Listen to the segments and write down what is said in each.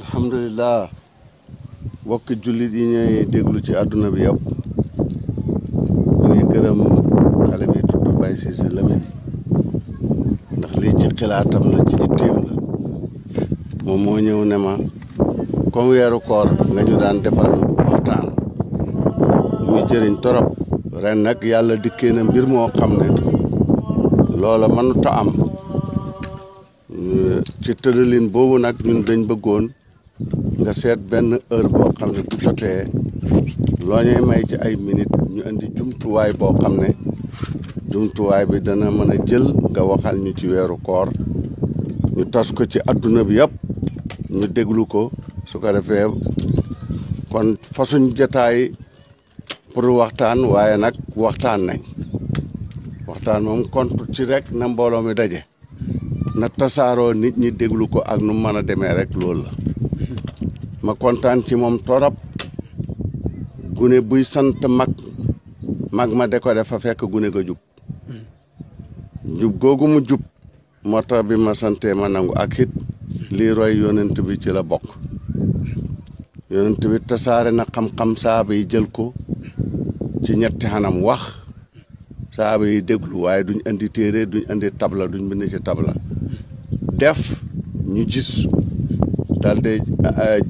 alhamdulilah mbokki jullit yi ñuy déglu ci àdduna bi yëpp ñu ngi gërëm xale bi tudd Baye Cissé Lamine ndax lii ci xilaatam la ci itteem la moom moo ñëw ne ma comme weeru koor nga ñu daan defal waxtaan muy jëriñ torop ren nag yàlla dikkee na mbir moo xam ne loola mënut a am ci tëralin boobu nag ñun dañ bëggoon nga seet benn heure boo xam ne bu jotee loo ñuy may ci ay minute ñu indi jumtuwaay boo xam ne jumtuwaay bi dana mën a jël nga waxal ñu ci weeru koor ñu tas ko ci adduna bi yëpp ñu déglu ko su ko defee kon fasuñ jataay pour waxtaan waaye nag waxtaan nañ waxtaan moom kontu ci rek na mbooloo mi daje na tasaaroo nit ñi déglu ko ak nu mën a demee rek loolu la ma kontaan ci moom torop gune buy sant mag mag ma de ko dafa fekk gune ga jub jub mu jub moo bi ma santee ma nangu ak it lii roy yonent bi ci la bokk yonent bi tasaare na xam-xam saaba yi jël ko ci ñetti xanam wax saaba yi déglu waaye duñ indi téere duñ indi tabla duñ bind ci tabla def ñu jis daal di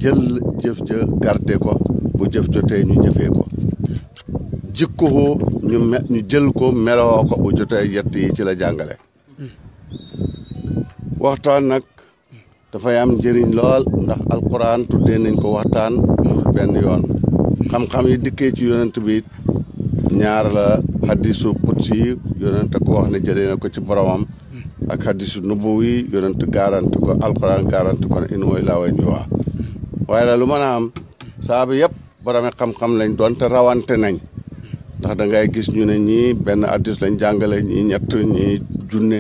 jël jëf ja garde ko bu jëf jotee ñu jëfee ko jikkuhu ñu jël ko meloo ko bu jotee yett yi ci la jàngale waxtaan nag dafay am njëriñ lool ndax alquran tuddee nañ ko waxtaan musul benn yoon xam-xam yi dikkee ci yonent bi ñaar la hadisu qudsi yi yonent ko wax ne jëlee na ko ci boromam ak hadisu nubuwi yonent garanti ko alquran garanti ko ne in huwa illaa wahyun lu mën a am saaba yëpp boromi xam-xam lañ doonte rawante nañ ndax da ngay gis ñu ne ñii benn hadis lañ jàngale ñii ñett ñii junne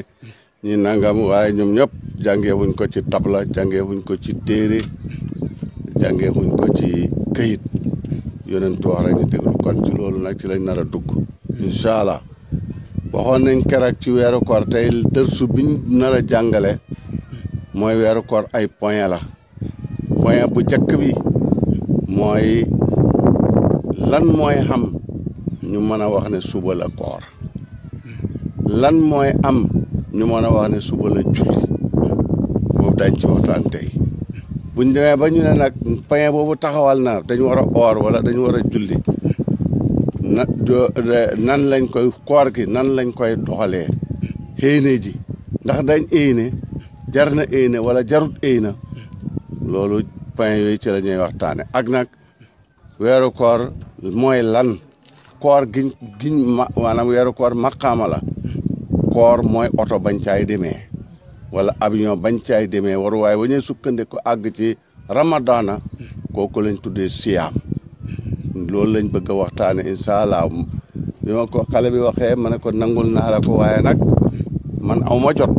ñii nangam waaye ñoom ñëpp jàngee wuñ ko ci tabla jàngee wuñ ko ci téere jàngee wuñ ko ci këyit yonent wax rek ñu déglu kon ci loolu nag ci lañ nar a dugg incha waxoon nañ keroog ci weeru koor tey dërsu biñ nar a jàngale mooy weeru ay point la point bu njëkk bi mooy lan mooy xam ñu mën a wax ne suba la koor lan mooy am ñu mën a wax ne suba la julli boobu ci waxtaan tey buñ demee ba ñu ne nag point boobu taxawal na dañu war oor wala dañu war a julli na nan lañ koy koor gi nan lañ koy doxalee xéene ji ndax dañ éene jar na éene wala jarut éene loolu point yooyu ci la ñuy waxtaane ak nag weeru mooy lan koor giñ giñ ma maanaam weeru koor maqaama la koor mooy oto bañ caay demee wala avion bañ caay demee waru waaye ba ñuy sukkandiku àgg ci ramadaana kooku lañ tuddee siyaam loolu lañ bëgg a waxtaane incha allah bi ma ko xale bi waxee ma ne ko nangul naa la ko waaye nag man aw ma jot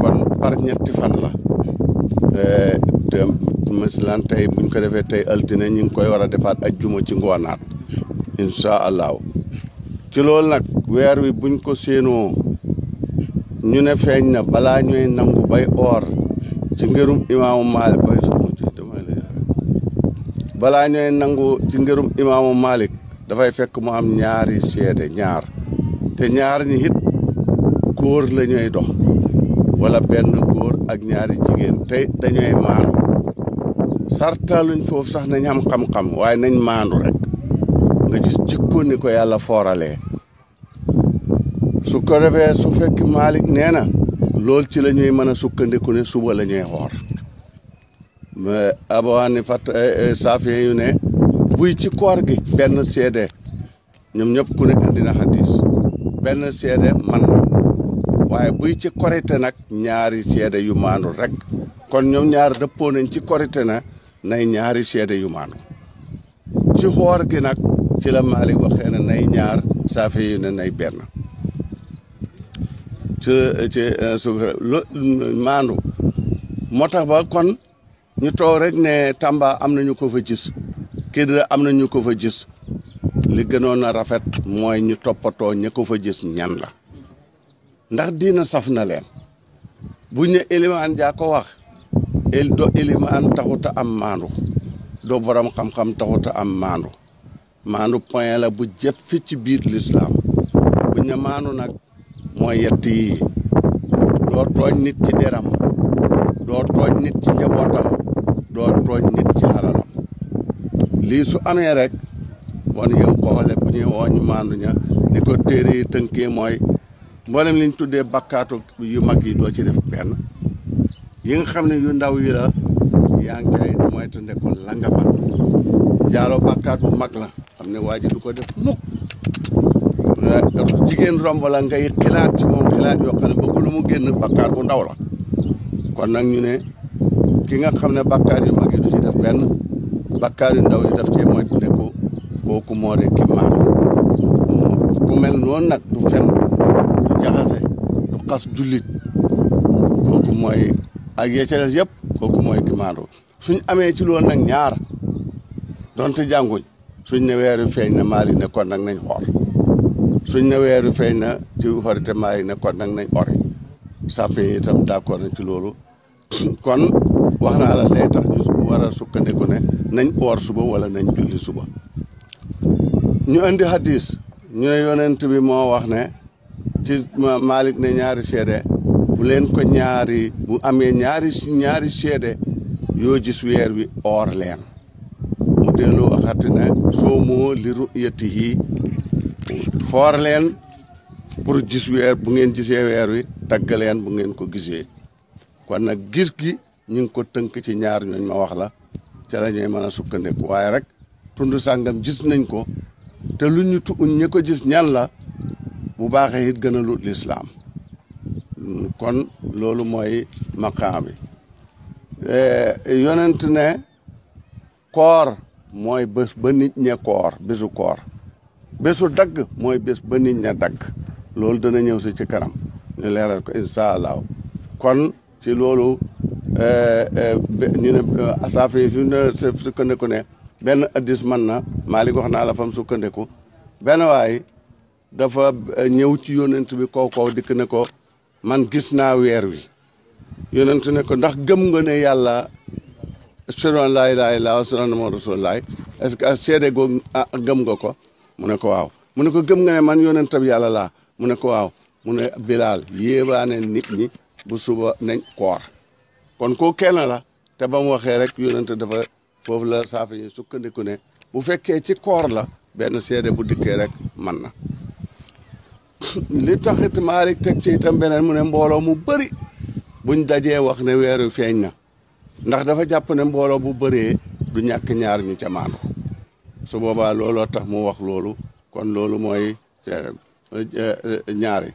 kon par ñetti fan la eh, te masilan tey buñ ko defee tey altine ñu ngi koy war a defaat ak juma ci ngoonaat incha allah ci loolu nag weer wi buñ ko séenoo ñu ne feeñ na balaa ñooy nangu bay or ci ngërum imaamu balaa ñooy nangu ci ngërum imaamu Malik dafay fekk mu am ñaari seede ñaar te ñaar ñi it góor la ñuy dox wala benn góor ak ñaari jigéen te dañuy sarta sartaaluñ foofu sax nañ am xam-xam waaye nañ maandu rek nga gis jikko ni ko yàlla fooralee su ko su fekk Malik nee na loolu ci la ñuy mën a sukkandiku ne suba la ñuy xoor Abu Hanifa eh, eh, Saafi'i yu ne buy ci koor gi benn ñoom ñëpp ku ne andi na xadis benn seede man na buy ci korite nag ñaari seede yu maanu rek kon ñoom ñaar dëppoo nañ ci korite na nay ñaari seede yu maanu ci xoor gi nag ci la Maalik waxee ne nay ñaar Saafi'i yu nay benn ci ci eh, su maandu moo ba kon ñu toog rek ne Tamba am nañu ko fa gis Kidira am nañu ko fa gis li gënoon a rafet mooy ñu toppatoo ña ko gis ñan la ndax diina saf na leen buñ ne Elimaan jaa ko wax el do Elimaan taxuta am maandu do boroom xamxam xam am maandu maandu point la bu jët fi ci biir lislaam buñ ne maandu nag mooy yett yi doo tooñ nit ci deram tooñ nit ci njabootam doo tooñ nit ci xalalam lii su amee rek bon yow boole bu ñuy woo ñu maandu ni ko téere yi tënkee mooy mboolem liñ tuddee bakkaatu yu mag yi doo ci def benn yi nga xam ne yu ndaw yi la yaa ngi cay mooy te nekkul la nga man njaalo bakkaat bu mag la xam ne waaj du ko def mukk jigéen romb la ngay xilaat ci moom xilaat yoo xam mu génn bakkaat wu ndaw la kon nag ñu ki nga xam ne bàkkaar yu mag du ci def benn bàkkaar yu ndaw yi daf cee moytu ne ko kooku moo de ki maandu ku mel noonu nag du fen du jaxase du xas jullit kooku mooy ak yee ca yëpp kooku mooy ki maandu suñ amee ci loolu nag ñaar donte jànguñ suñ ne weeru feeñ na maali ne kon nag nañ xoor suñ ne weeru feeñ na ci xorite maali ne kon nag nañ ori safi itam d'accord na ci loolu kon wax naa la lay tax ñu war a sukkandiku ne nañ oor suba wala nañ julli suba ñu indi hadis ñu ne yonent bi moo wax ne ci Malik ne ñaari seede bu leen ko ñaari bu amee ñaari ñaari seede yoo gis weer wi oor leen mu dellu waxati ne soo moo li ru'yatihi foor leen pour gis weer bu ngeen gisee weer wi tagg leen bu ngeen ko gisee gi ñu ngi ko tënk ci ñaar ñooñ ma wax la ca la ñuy mën a sukkandiku waaye rek tund sàngam gis nañ ko te lu ñu tu ñi ko gis ñan la bu baaxee it gën a lut lislaam kon loolu mooy maqaam bi eh, yonent ne koor mooy bés ba nit ñe koor bésu koor bésu dagg mooy bés ba nit ña dagg loolu dana ñëw si ci kanam ñu leeral ko incha allah kon ci loolu Euh, euh, ñu ne euh, asafri yu ne sukkandiku ne benn addis man na Malick wax naa la fam sukkandiku benn waay dafa ñëw ci yonent bi kaw kaw dikk ne ko man gis naa weer wi yonent ne ko ndax gëm nga ne yàlla ashhadu laa ilaaha illallaah wa ashhadu anna Muhammadan rasuulullaah est-ce que seede googu ah, gëm nga ko mu ne ko waaw mu ne ko gëm nga ne man yonentab yàlla laa mu ne ko waaw mu ne bilaal yéebaane nit ñi bu suba nañ koor kon koo kenn la te ba mu waxee rek yonente dafa foofu la saafa yi sukkandiku ne bu fekkee ci koor la benn seede bu dikkee rek man na li taxit Maalik teg ci itam beneen mu ne mbooloo mu bëri buñ dajee wax ne weeru feeñ na ndax dafa jàpp ne mbooloo bu bëree du ñàkk ñaar ñu ca maandu su boobaa looloo tax mu wax loolu kon loolu mooy eh, eh, eh, ñaari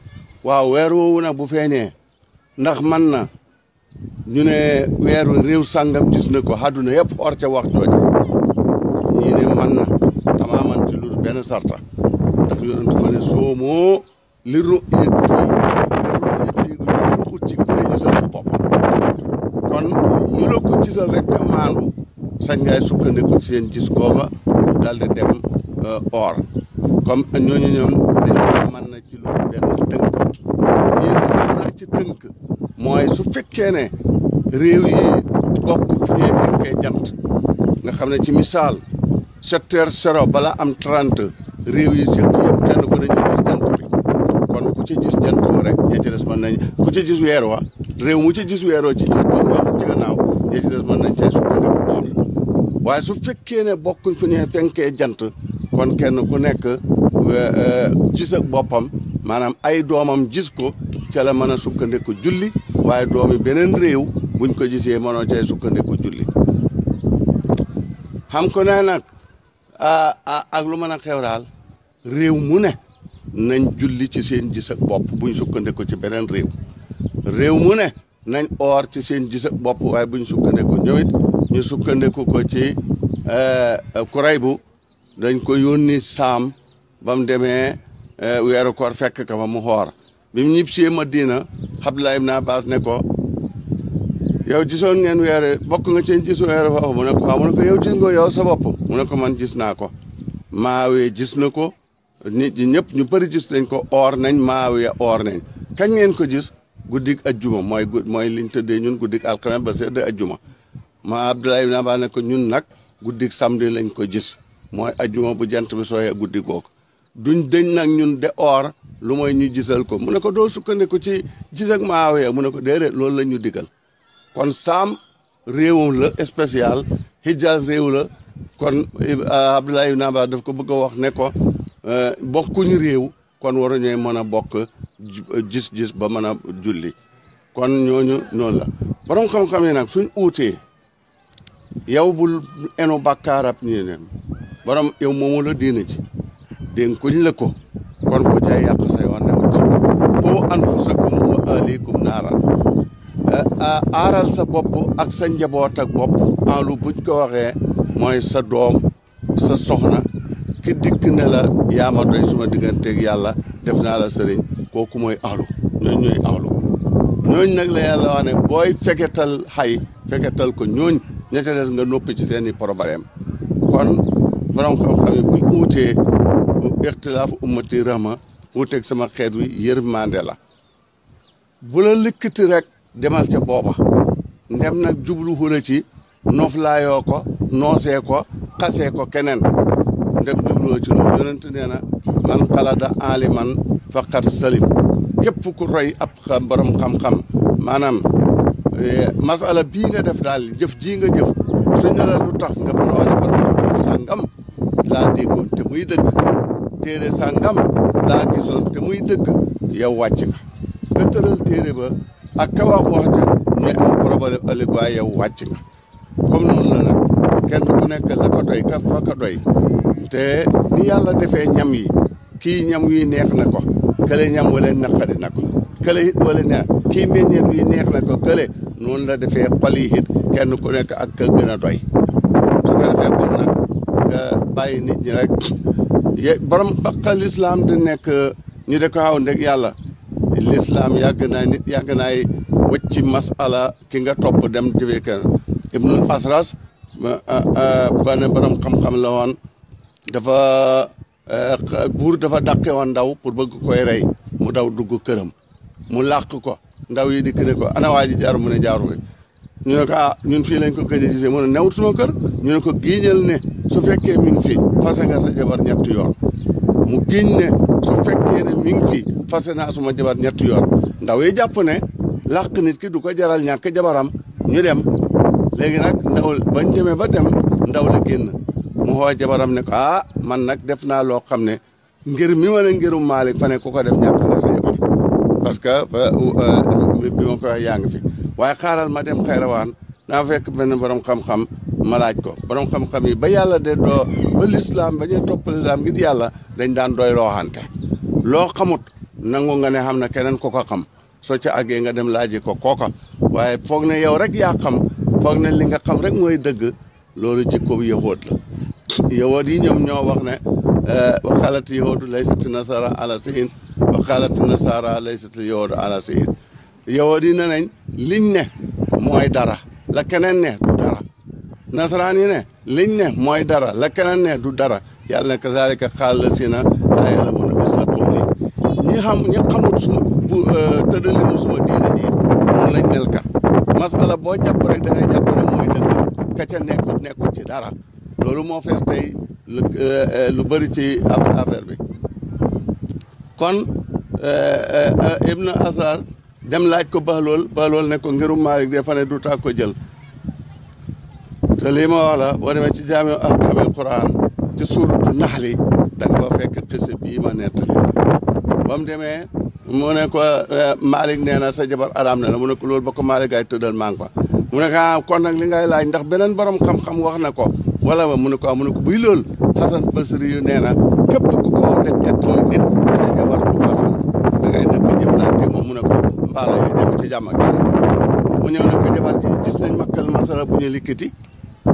waaw weer woowu nag bu feeñee ndax man na ñu ne weeru réew sàngam gis na ko àdduna yëpp or ca wax jooju ñi ne man na tamaaman ci lu benn sarta ndax yonent fa ne soomoo li ru yët yi kon ñu la ko gisal rek te maandu sañ ngay sukkandiku ci seen gis googa dal di dem or comme ñooñu ñoom dañu mën na ci benn tënk mooy su fekkee ne réew yi bokk fu ñuy fenkee jant nga xam ne ci misaal sept sero bala am trente réew yi sëpp yëpp ku ne bi kon ku ci gis jant rek ña ci des mën nañ ku ci gis weer wa réew mu ci gis weer ci gis bu mën nañ waaye su fekkee ne bokkuñ fu ñuy jant kon kenn ku nekk ci euh, sa boppam maanaam ay doomam gis ko ca la mën a sukkandiku julli waaye doomi beneen réew buñ ko gisee mënoo cay sukkandiku julli xam ko ne nag ak lu mën a xew réew mu ne nañ julli ci seen gis ak bopp ci beneen réew réew mu ne nañ oor ci seen gis ak bopp waaye buñ sukkandiku ñoom it ñu sukkandiku ko ci e, e, kuray bu dañ ko yónni saam ba mu demee e, weeru koor fekk ka fa mu xoor bi mu ñibbisee Madina Abdullah na Abbas ne ko yow gisoon ngeen weer bokk nga seen gis weer foofu mu ne ko waaw mu ne ko yow gis nga yow sa bopp mu ne man gis naa ko maawee gis na ko nit ñi ñëpp ñu bëri gis nañ ko oor nañ maawee oor nañ kañ ngeen ko gis guddik ajjuma mooy gu mooy liñ tëddee ñun guddik alxames ba sedd ajjuma ma Abdullah ibn ne ko ñun nag guddik samedi lañ ko gis mooy ajjuma bu jant bi sooyee guddi googu duñ dëñ nag ñun de oor lu mooy ñu jisal ko mun ne ko doo sukkandiku ci gis ak Muawiya mu ne ko déedéet loolu la ñu digal kon saam réewum la spécial Hijaz réew la kon euh, Abdullah ibn Abbas daf ko bëgg a wax ne ko euh, bokkuñu réew kon waruñu mën a bokk jis euh, gis ba mën a julli kon ñooñu noonu la borom xam-xam yi nag suñ uutee yow bul enu bàkkaarab ñu ne borom yow moomu la diina ji dénkuñ la ko war ko cay yàq sa yoon newut qu anfusakum wa ahlikum naara eh, sa bopp ak sa njaboot ak bopp en lu buñ ko waxee mooy sa doom sa soxna ki dikk ne la yaa ma suma digganteeg yàlla def naa la sëriñ kooku mooy ahlu ñooñ ñooy ahlu ñooñ nag la yàlla wax booy feketal xay feketal ko ñooñ ña ca des nga noppi ci seeni problème kon borom xam-xam yi ixtilaafu ummati rahma teg sama xeet wi yërmande la bu la lëkkati rek demal ca booba ndem nag jublu xula ci noflaayoo ko noosee ko xasee ko keneen ndem jubluwa ci loolu man xalada aliman faqat salim képp ku roy ab xam borom xam-xam maanaam eh, masala bii nga def daal jëf jii nga jëf suñu la lu nga mën a wane borom xam laa déggoon te muy dëgg téere sàngam laa gisoon te muy dëgg yow wàcc nga ka tëral téere ba ak ka wax wax ja ñooy am problème ëllëg waaye yow wàcc nga comme noonu la nag kenn ku nekk la ko doy ka fa doy te ni yàlla defee ñam yi kii ñam yi neex na ko kële ñam wala naqari na ko kële it wala neex kii meññeet yi neex na ko kële noonu la defee xol yi it kenn ku nekk ak ka gën doy su ko defee kon nag nga bàyyi rek borom baqal lislaam di nekk ñu de ko xaw ndeg yàlla lislaam yàgg naa nit yàgg naay wëcci masala ki nga topp dem jëfee kenn ibnu asras benn borom xam-xam la woon dafa buur dafa dàqe woon ndaw pour bëgg koy rey mu daw dugg këram mu làq ko ndaw yi dikk ne ko ana waa ji jaar mu ne jaaru ñu ne ko ah ñun fii lañ ko gën a gisee mu kër ñu ne ko giiñal ne su fekkee mi ngi fi fase nga sa jabar ñetti yoon mu giñ ne su fekkee ne mi ngi fi fase naa ma jabar ñetti yoon ndaw i jàpp ne làq nit ki du ko jaral ñàkk jabaram ñu dem léegi nag ndaw bañ demee ba dem ndaw la génn mu xooy jabaram ne ko ah man nag def naa loo xam ne ngir mi wala ngirum Malick fa ne ko def ñàkk nga sa jabar parce que bi euh, ma koy wax fi waaye xaaral ma dem xayrawaan naa fekk benn borom xam-xam malaaj ko borom xam-xam yi ba yàlla de doo ba lislaam ba ñuy topp lislaam ngir yàlla dañ daan doy loo loo xamut nangu nga ne xam na keneen ko ko xam soo ca àggee nga dem laaji ko kooka waaye foog ne yow rek yaa xam foog ne li nga xam rek mooy dëgg loolu jikko yahóot la yahóot yi ñoom ñoo wax ne eh, waxaalat yahóotu laysat nasara ala sihin waxaalat nasara laysat yahóotu ala sihin yahóot yi ne nañ liñ ne mooy dara la keneen ne du dara nasaraan yi ne liñ ne mooy dara la keneen du dara yàlla ne kazaalika qaala llaziina laa ya'lamuuna misla qawlihim ñi xam ñi xamut suma bu euh, tëddalinu suma diine ji moom lañ mel kat masala boo jàpp rek da ngay jàpp ne mooy dëgg ka ca ci dara loolu moo fees tey lu euh, euh, bëri ci affaire bi kon Ibn Azar dem laaj ko Bahlool Bahlool ne ko ngirum Maalik dafa ne du ko jël te lii ma wax wala boo demee ci jaami quran ci suuratu naxli da nga fa fekk xisa bii ma nettali la ba mu ne ko Malick nee na sa jabar aram na la mu ne ko loolu ba ko Malick ay tëddal maa ngi fa mu ne ko ah kon nag li ngay laaj ndax beneen borom xam-xam wax na ko wala ma ne ko ah ne ko buy loolu Xasan Basri yu nee na képp ku ko wax rek kettali nit sa jabar du fasu da ngay dëkk jëflante moom mu ne ko mbaala yooyu dem ci jàmm ak mu ñëw ne ko jabar ji gis nañ makkal masala bu ñu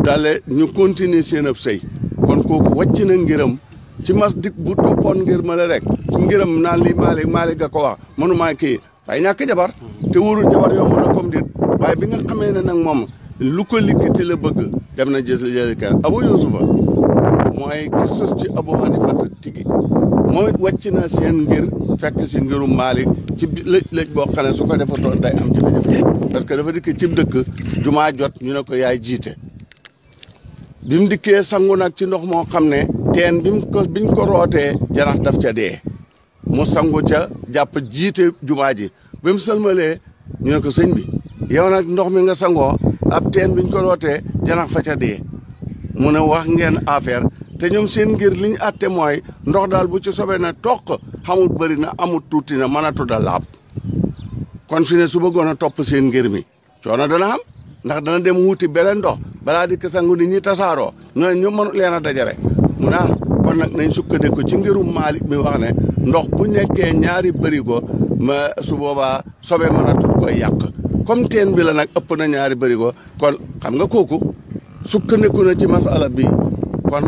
dale ñu continuer seen ab sëy kon kooku wàcc na ngiram ci mas dikk bu toppoon ngir ma rek ci ngiram naan li Malick Malick ga ko wax mënumaa kii waaye ñàkk jabar te wóorul jabar yomb na comme dit waaye bi nga xamee ne nag moom lu ko liggéey la bëgg dem na jës jëli kër Abu Yusufa mooy ki sos ci Abu Hanifa tigi mooy wàcc na seen ngir fekk si ngirum Malick ci lëj lëj boo xam ne su ko defatoon day am jafe parce que dafa dikk cib dëkk jumaa jot ñu ne ko yaay jiite bi mu sangu nag ci ndox moo xam ne teen bi mu ko biñ ko rootee janax daf ca dee mu sangu ca jàpp jiite jumaa ji bi mu sëlmalee ñu ne ko sëñ bi yow ndox mi nga sangoo ab teen biñ ko rootee janax fa ca dee mu ne wax ngeen affaire te ñoom seen ngir liñ àtte mooy ndox daal bu ci sobee na toq xamul bëri na amul tuuti na mën a tudd laab kon fi ne su bëggoon a topp seen ngir mi coono dana xam ndax dana dem wuti beneen ndox balaa di ko sangu nit ñi tasaaroo ñooñu ñu mënu leen a mu naa ah, kon nag nañ sukkandiku ci ngirum Maalik mi wax ne ndox ku nekkee ñaari bërigo ma su boobaa sobe mën a tut koy yàq comme teen bi la nag ëpp na ñaari bërigo kon xam nga kooku sukkandiku na ci masala bi kon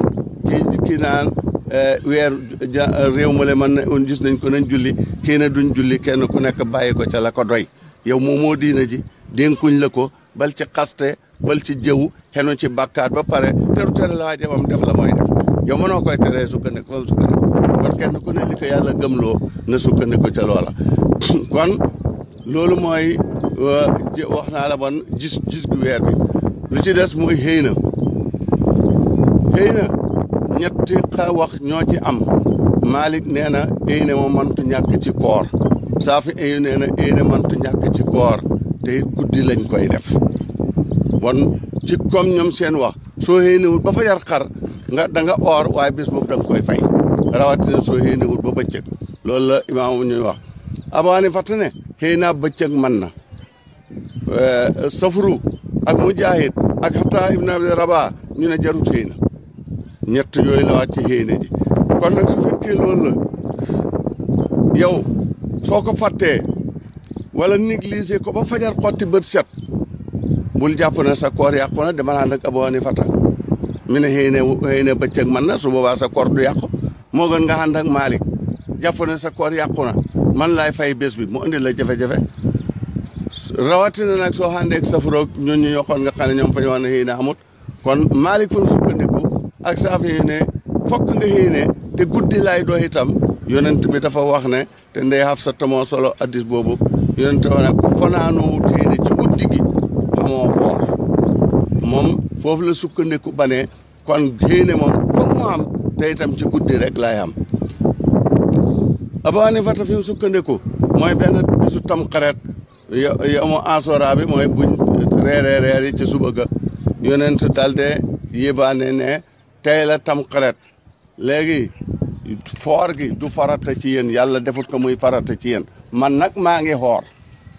kii kii naan eh, weer ja réew ma le mën na gis nañ ko nañ julli kii na duñ julli kenn ku nekk bàyyi ko ca la ko doy yow moom moo diina ji dénkuñ la ko bal ci xaste bal ci jëw xenu ci bàkkaar ba pare teru tere la waajabam def la mooy def yow mënoo koy teree sukkandiku fam sukkandiku kon kenn ku ne li ko yàlla na sukkandiku ca loola kon loolu mooy euh, wax naa la bon gis gis gu weer bi lu ci des mooy xëy na xëy ñetti wax ñoo ci am Malik nee na éy ne ma mantu ñàkk ci koor Saafi éyu nee na éy ne mantu ñàkk ci koor te guddi lañ koy def bon ci ñoom seen wax soo xéenewul ba fa yar xar nga da oor waaye bis boobu da nga koy fay rawatina soo xéenewul ba bëccëg loolu la imaam ñuy wax abaani fatte ne xëy naa bëccëg man na euh, safru ak mujaahid ak xataa ibn abi rabaa ñu ne jarut xëy na ñett yooyu la wàcc xëy kon nag su fekkee loolu yow soo ko fàttee wala négliger ko ba fajar xotti bët set bul jàpp ne sa koor yàqu na dama naan rek aboo fata mi ne xëy na xëy na su boobaa sa koor du yàqu moo gën nga ànd ak Malick jàpp sa koor yàqu na man laay fay bés bi mu indi la jafe-jafe rawatina nag soo àndee ak safaroog ñun ñu yokkoon nga xam ne ñoom fa ñu wax ne na amut kon Malick fu mu ak saaf yi ne fokk nga xëy ne te guddi laay dox itam yonent bi dafa wax ne te ndey Hafsata moo solo addis boobu yonent wax ne ku fanaanoo téere ci guddi gi xamoo koor moom foofu la sukkandiku ba ne kon génne moom foog mu am te ci guddi rek lay am Abu Hanifa fi mu sukkandiku mooy benn bisu tamxaret yow mu asora mooy buñ reeree reer yi ci suba yonent dalde yébaane ne tey la tamxaret léegi foor gi du farata ci yéen yàlla defut ka muy farata ci yéen man nag maa ngi xoor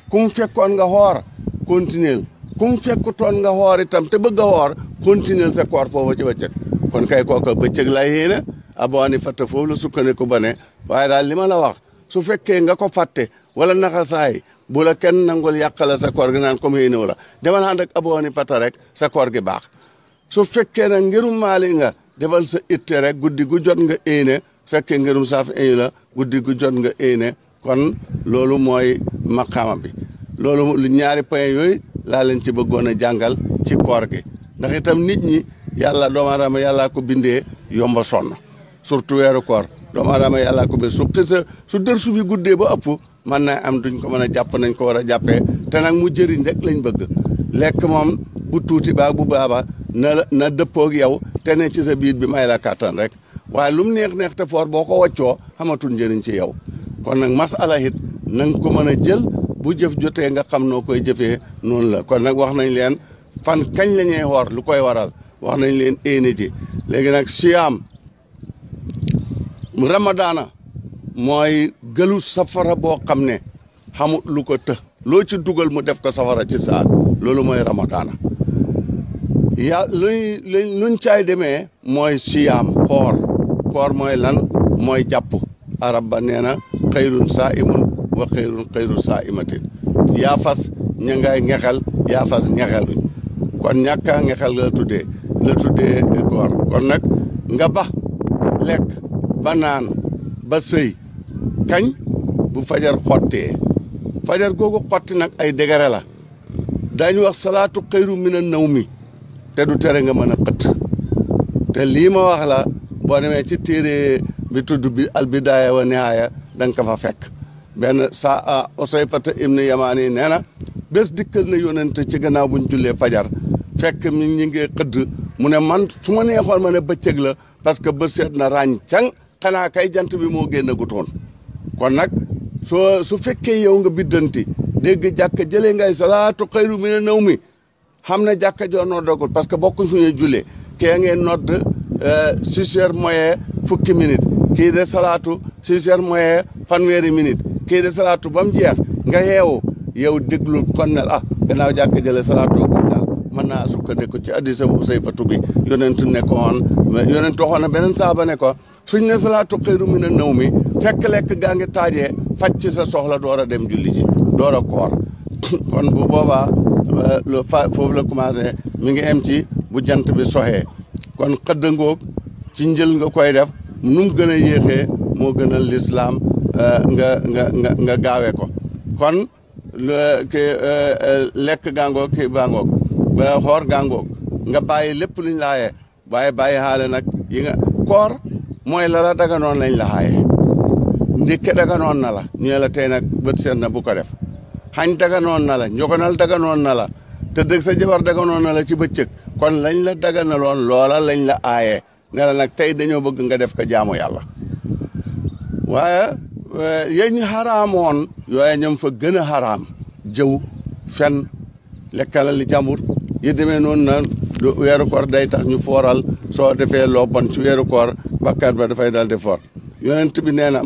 kum fekkoon nga xoor continuer kum fekkutoon nga xoor itam te bëgg a xoor continuer sa koor foofu ci bëccëg kon kay kooka bëccëg lay yéene abooni fatta foofu la sukkandiku ba ne waaye daal li ma la wax su fekkee nga ko fàtte wala naxasaay bu bola kenn nangul yàqala sa koor gi naan la demal ànd sa koor gi baax su fekkee nag ngirum maali nga sa itte rek guddi gu jot nga éene fekkee ngerum saaf añ la guddi gu jot nga éene kon loolu mooy maqaama bi loolu ñaari point yooyu laa leen ci bëggoon a jàngal ci koor gi ndax itam nit ñi yàlla doomu aadama yàllaa ko bindee yomba son surtout weeru koor doomu aadama yàllaa ko bindee su xisa su bi guddee ba ëpp mën na am duñ ko mën a jàpp nañ ko war a jàppee te mu jëriñ rek lañ bëgg lekk moom bu tuuti baa bu baaba na na dëppoog yow te ci sa biit bi may la kàttan rek waaye lu mu neex neex te foor boo ko waccoo xamatul njëriñ ci yow kon nag masala it na ko mën a jël bu jëf jotee nga xam noo koy jëfee noonu la kon nag wax nañ leen fan kañ la ñuy woor lu koy waral wax nañ leen éene ji léegi nag siyaam ramadaana mooy gëlu safara boo xam ne xamut lu ko të loo ci dugal mu def ko safara ci saa loolu mooy ramadaana ya luñ luñ caay demee mooy siyaam xoor koor mooy lan mooy jàpp arab ba nee na xëyrun saa imun wa xëyrun xëyrun saa imatin yaa fas ña ngay yaafas yaa kon ngexeluñ kon ñàkkaa ngexel la tuddee la tuddee koor kon nag nga ba lekk ba sëy kañ bu fajar xottee fajar googu xotti nag ay dégare la dañu wax salaatu xayru mina naw mi te du tere nga mën a xëtt te lii boo demee ci téere bi tudd bi albidaaya wa nihaaya da nga ko fa fekk benn saa Usayfata ibnu Yamaan yi nee na bés dikkal na yónnante ci gannaaw buñ jullee fajar fekk mi ñu ngi xëdd mu ne man su ma neexoon ma ne bëccëg la parce que bët seet na ràññ cang xanaa kay jant bi moo génn gutoon kon nag soo su fekkee yow nga biddanti dégg jàkk jëlee ngay salaatu xayru mina nawmi xam ne jàkka joo noddoogul parce que bokkuñ fu ñuy jullee kee ngeen nodd Euh, six heures moyen fukki minute kii de salaatu six heures moyen fanweeri minute kii de ba mu jeex nga yeewu yow déglu kon ne ah gannaaw jàkk jële salaatu bu daal mën naa sukkandiku ci hadiis bu Usayfatu bi yonentu ne ko woon yonent waxoon na beneen saaba ne ko suñ ne salaatu xayru mina nawmi fekk lekk gaa ngi taajee faj ci sa soxla door a dem julli ji door koor kon bu boobaa euh, le fa foofu la commencé mi ngi em ci bu jant bi soxee kon xëdd ngoog ci njël nga koy def num gën a yéexee moo gën a lislaam euh, nga nga nga ko kon ki euh, euh, lekk gàngoog ki bàngoog xoor gàngoog nga bàyyi lépp luñ laayee waaye bàyyi xaale nag yi koor mooy la la nañ lañ la xaaye ndikke na la ñu la tey nag bët seet na bu ko def xañ daganoon na la njogonal daganoon na la te dëgg sa jabar daganoon na la ci bëccëg kon lañ la daganaloon loola lañ la aaye ne la nag tey dañoo bëgg nga def ko jaamu yàlla waaye eh, yañ xaraamoon yooye ñoom fa gën a xaraam jëw fen lekkalal li jàmbur yi demee noonu na weeru day tax ñu fooral soo defee loo bon ci weeru koor bakkaat ba dafay dal di foor yonent bi nee na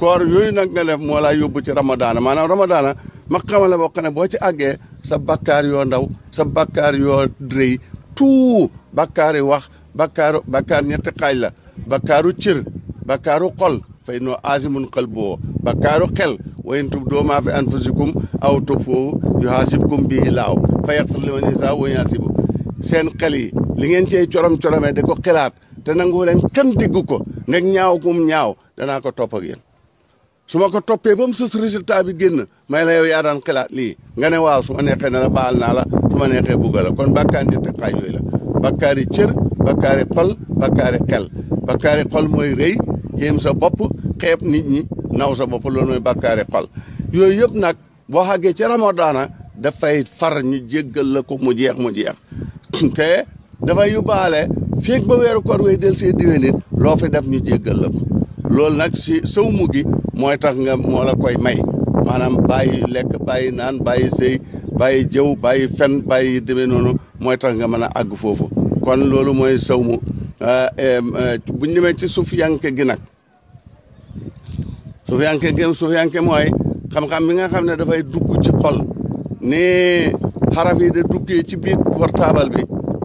koor yooyu nag nga def moo laa yóbbu ci ramadaana maanaam ramadaana ma xamal la boo xam ne boo ci àggee sa bakkaar yoo ndaw sa bakkaar yoo rëy tout bakkaari wax bakkaaru bakkaar ñetti xaaj la bakkaaru cër bakkaaru xol fay no asi aasimun xel boo bakkaaru xel wayn tub doo maa fi anfusikum aw tub foofu yu xaasibkum bii laaw fa yaxfir li man yasaa wa yaasibu seen xel yi li ngeen cey corom-coromee di ko xelaat te nangu leen kenn diggu ko nga ñaaw gum ñaaw danaa ko topp ak yéen su ma ko toppee ba mu sës résultat bi génn may la yow yaa daan xalaat lii nga ne waaw su ma neexee ne la baal naa la su ma neexee bugga la kon bàkkaar ñetti xaaj yooyu la bàkkaari cër bàkkaari xol bàkkaari xel bàkkaari xol mooy rëy yéem sa bopp xeeb nit ñi naw sa bopp loolu mooy bàkkaari xol yooyu yëpp nag boo xàggee ci daana dafay far ñu jéggal la ko mu jeex mu jeex te dafay yóbbaale feeg ba weeru koor way del see diwénit loo fi def ñu jéggal la loolu nag si sëw mu gi mooy tax nga moo la koy may maanaam bàyyi lekk bàyyi naan bàyyi sëy bàyyi jëw bàyyi fen bàyyi demee noonu mooy tax nga mën a àgg foofu kon loolu mooy sëw mu bu ñu demee ci suuf yanke gi nag suuf yanke gi suuf mooy xam-xam bi nga xam ne dafay dugg ci xol ni xaraf yi da duggee ci biir portable bi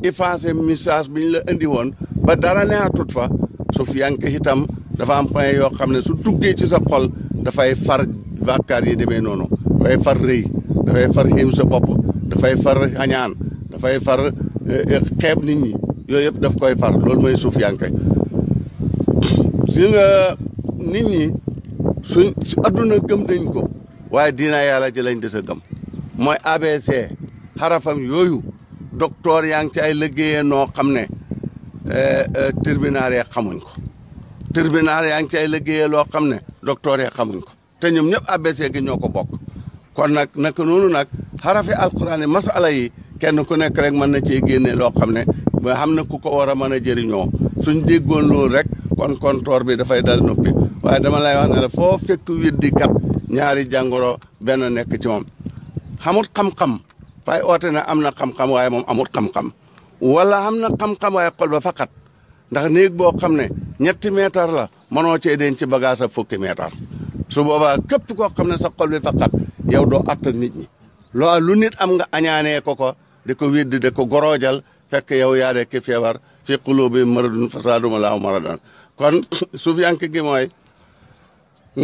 effacé message bi ñu la indi woon ba dara neexatut fa suuf yanke itam dafa am point yoo xam ne su duggee ci sa xol dafay far bàkkaar yi demee noonu dafay far rëy dafay far xiim sa bopp dafay far añaan dafay far eh, eh, xeeb nit ñi yooyu yëpp daf koy far loolu mooy suuf yaa ngi koy si nga nit ñi suñ si adduna gëm dañ ko waaye diina yàlla ji lañ des a gëm mooy ABC xarafam yooyu docteur yaa ngi ci ay liggéeyee noo xam ne eh, tribunal yi xamuñ ko tribunal yaa ngi cay liggéeyee loo xam ne docteur yi xamuñ ko te ñoom ñëpp ABC gi ñoo ko bokk kon nag naka nunu nag xarafi alquran yi masala yi kenn ku nekk rek mën na cee génne loo xam ne ba xam ne ku ko war a mën a jëriñoo suñ déggoon loolu rek kon kontoor bi dafay dal noppi waaye dama lay wax ne la foo fekk weddikat ñaari jàngoro benn nekk ci moom xamut xam-xam fay oote ne am na xam-xam waaye moom amut xam-xam wala am na xam-xam waaye xol ba faqat ndax néeg boo xam ne ñetti meetar la mënoo cee denc ci bagage ak fukki meetar su boobaa képp koo xam ne sa xol bi faqat yow doo attal nit ñi loo lu nit am nga añaanee ko ko di ko weddi di ko goroojal fekk yow yaa de ki feebar fi qulubi maradun fasaaduma mara maradan kon suufiyanke gi mooy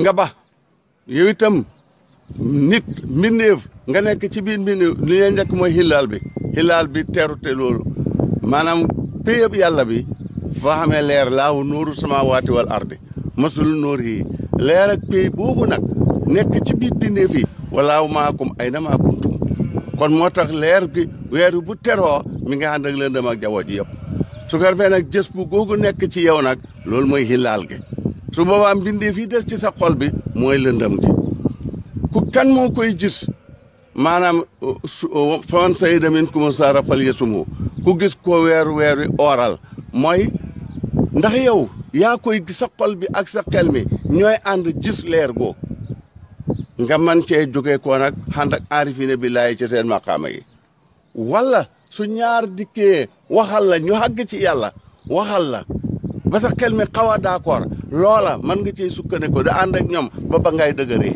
nga ba yow itam nit mbindeef nga nekk ci biir mbindeef li ñuy njëkk mooy xilaal bi xilaal bi teerute loolu maanaam péyëb yàlla bi foo xamee leer laaw nuuru samawaati wal ardi masul nóor yi leer ak pay boobu nag nekk ci biir bindee fi walaaw maakum ay na maa kuntum kon moo tax leer gi weeru bu teroo mi nga ànd ak lëndëm ak jaww ji yëpp su ko defee nag jës bu googu nekk ci yow nag loolu mooy xilaal gi su boobaa mbindee fii des ci sa xol bi mooy lëndëm gi ku kan moo koy gis maanaam uh, uh, faman sayida min ku ma saara fal yesumoo ku gis ko weer weer wi ooral mooy ndax yow yaa koy sa kol bi ak sa xel mi ñooy ànd gis leer goo nga man cee jóge koo nag ànd ak aarifine bi laay ci seen maqaama yi walla su ñaar dikkee waxalla ñu àgg ci yàlla waxal la ba sa xel mi xaw a loola man nga cee sukkane ko di ànd ñoom ba ba ngay dëgëree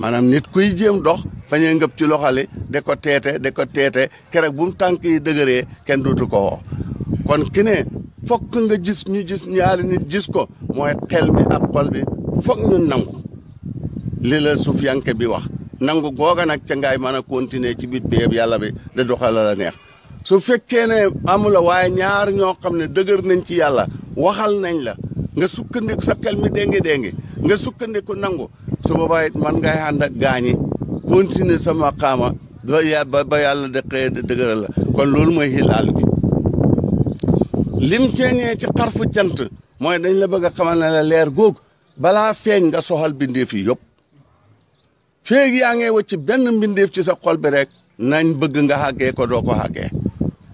maanaam nit kuy jéem dox fa ñuy ngëb ci loxali de ko teete de ko teete keroog bu mu tànk yi dëgëree kenn dootu ko woo kon ki ne fokk nga gis ñu gis ñaar nit gis ko mooy xel mi ak xol bi fokk ñu nangu li la suufiyanke bi wax nangu googa nag ca ngaay mën a continuer ci biir péyeb yàlla bi da doxal la neex su fekkee ne amula waaye ñaar ñoo xam ne dëgër nañ ci yàlla waxal nañ la nga sukkandiku sa xel mi dénge dénge nga sukkandiku nangu su boobaa man ngay ànd ak gaañi continuer sama xaama ba ba yàlla de xëy la kon loolu mooy xilaal bi lim feeñee ci xarfu jant mooy dañ la bëgg a xamal ne la leer googu balaa feeñ nga soxal bindeef yi yëpp feegi yaa ngi wacc benn mbindeef ci sa xol bi rek nañ bëgg nga xàggee ko doo ko xàggee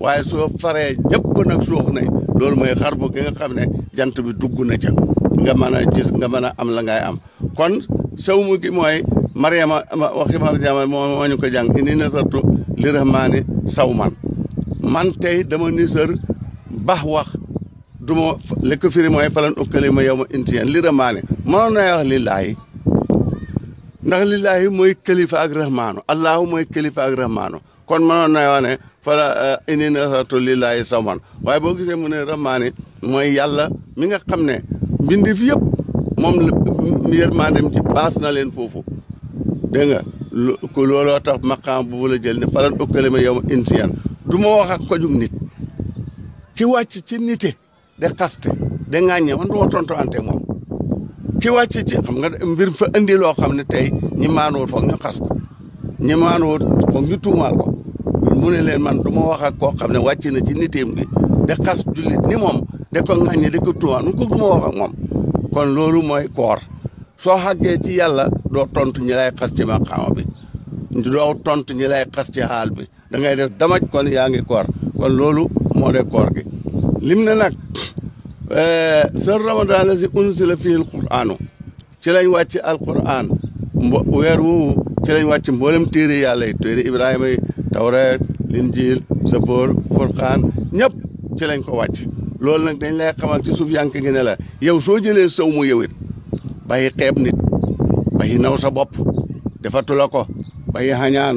waaye soo faree ñëpp nag suux nañ loolu mooy xarfu gi nga xam ne jant bi dugg na ca nga mën a gis nga mën a am la ngay am kon sew mu gi mooy mariama waxi mariama moo moo ñu ko jàng indi nasartu lirahmaani saw man man tey dama nisër baax wax du ma li falan ukkali ma yow ma li ramaane mënoon naa wax ndax lillaahi mooy kalifa ak rahmaanu allahu mooy kalifa ak rahmaanu kon mënoon naa wax fala eh, inni nasartu lillaahi sawman waaye boo gisee mu ne rahmaani mooy yàlla mi nga xam ne mbindi yëpp moom mm, yërmaandem ci baas na leen foofu dégg nga looloo tax maqaam bu la jël ne falan ukkali ma yow ma wax ak kojug nit ki wàcc ci nite de xaste de ŋàññe man duma tontu ante moom ki wàcc ci xam nga mbir fa indi loo xam ne tey ñi maanuwul foog ñu xas ko ñi maanuwul foog ñu tuumaal ko mu ne leen man du ma wax ak koo xam ne wàcc na ci niteem gi de xas jullit ni moom de ko ŋàññe de ko tuumaal mu ko du ma moom kon loolu mooy koor soo xàggee ci yàlla doo tontu ñi lay xas ci maqaama bi doo tontu ñi lay xas ci xaal bi da ngay def damaj kon yaa ngi koor kon loolu moo de koor gi lim ne nag eh, sër ramadan la si la fii alquraanu ci lañ wàcc alquran mbo weer woowu ci lañ wàcc mboolem téere yàlla yi téere ibrahima yi tawreet linjiil saboor furqaan ñëpp ci lañ ko wàcc loolu nag dañ la xamal ci suuf yànk gi ne la yow soo jëlee saw mu yowit bàyyi xeeb nit bàyyi naw sa bopp defatu la ko bàyyi xañaan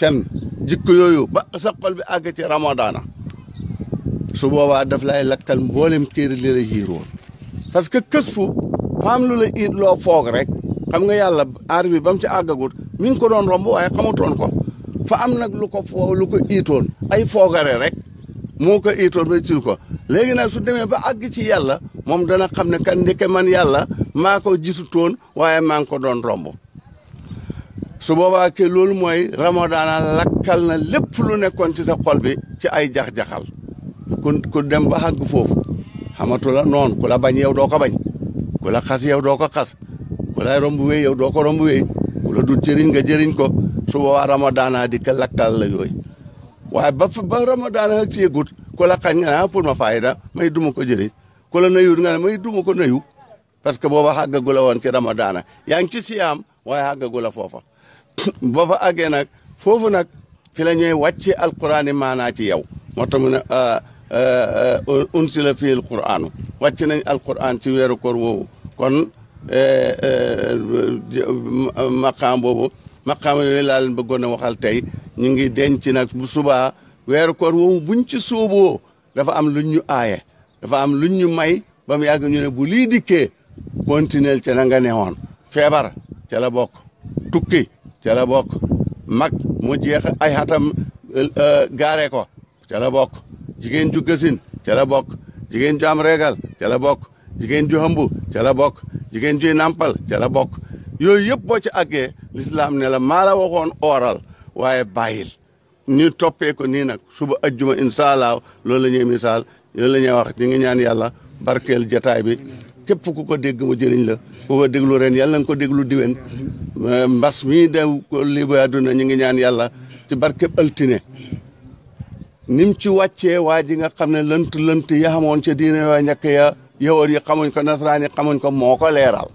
fen jikko yooyu ba sa xol bi àgg ci ramadaana su boobaa daf lay lakkal mboolem téere li la jiiroon parce que kës fu fa lu la it loo foog rek xam nga yàlla aar bi ba mu ci àggagut mi ngi ko doon romb waaye xamutoon ko fa am nag lu ko foo lu ko iitoon ay foogare rek moo ko iitoon ba ci ko léegi nag su demee ba àgg ci yàlla moom dana xam ne kan ndeke man yàlla maa ko gisutoon waaye maa ngi ko doon romb su boobaa ke loolu mooy ramadaana lakkal na lépp lu nekkoon ci sa xol bi ci ay jax ku ku dem ba xàgg foofu xamatu la noonu ku la bañ yow doo ko bañ ku la xas yow doo ko xas ku la romb wéy yow doo ko romb wéy ku la dul jëriñ jëriñ ko su boobaa ramadaana di ka lakkal la yooyu waaye ba fa ba ramadaana ak seegut ku la xañ nga ne ah, pour ma fayda may duma ko jëriñ ku la nuyut nga ne duma ko nuyu parce que booba xàggagu la woon ci ramadaana yaa ngi ci siyaam waaye xàggagu la foofa ba fa àggee nag foofu nag fi la ñuy wàcce alquraan maanaa ci yow moo tax Eh, eh, unsila fi al quraanu wàcc nañ al quraan ci weeru koor woowu kon eh, maqaam boobu maqaam yooyu laa leen bëggoon a waxal tey ñu ngi denc nag subaa weeru koor woowu buñ ci sóoboo dafa am luñ ñu aaye dafa am luñ ñu may ba mu yàgg ñu ne bu lii dikkee continuer ca na nga newoon feebar ca la bokk tukki ca la bokk mag mu jeex ay xatam gaare ko ca la bokk jigéen ju gësin ca la bokk jigéen ju am reegal ca la bokk jigéen ju hëmb ca la bokk jigéen juy nàmpal ca la bokk yooyu yëpp boo ci àggee lislaam ne la maa la waxoon ooral waaye bàyyil ñu toppee nii nag suba ajjuma incha allah loolu la ñuy misaal yo la ñuy wax ñu ngi ñaan yàlla barkeel jataay bi képp ku ko dégg mu jëriñ la ku déglu ren yàlla nga ko déglu diwen mbas mii dew ko lii ñu ngi ñaan yàlla ci barkeb altine nim ci wàccee waa ji nga xam ne lënt lënt ya xamoon ca diina yoo ñàkk ya yowoor yi xamuñ ko nasaraan yi xamuñ ko moo ko leeral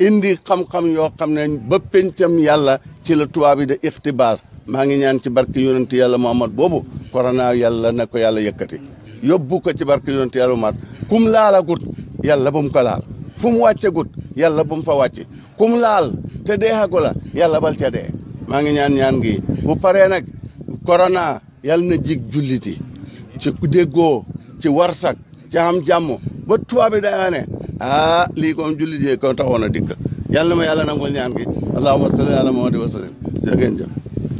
indi xam-xam yoo xam ne ba pencam yàlla ci la tubaab yi de ixtibaas maa ngi ñaan ci barke yonent yàlla Muhammad boobu korona yàlla na ko yàlla yëkkati yóbbu ko ci barke yonent yàlla Muhammad kum laala gut yàlla bu mu ko laal fu mu wàcce gut yàlla bu mu fa wàcce kum laal te dee xagu la yàlla bal ca dee maa ngi ñaan ñaan gi bu paree nag korona yàlla na jig juliti ci déggoo ci warsak ci am jàmm ba tubaab bi daa ne ah lii kon taxoon a dikk yàlla na ma yàlla nangul ñaan gi allahumma salli ala muhammad wa sallim jërë